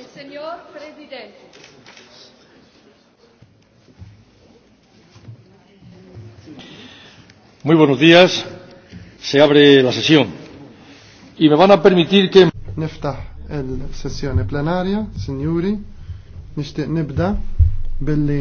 el señor presidente. Muy buenos días. Se abre la sesión. Y me van a permitir que... Niftaħ el sesión plenaria, señores. nishtiq nibda billi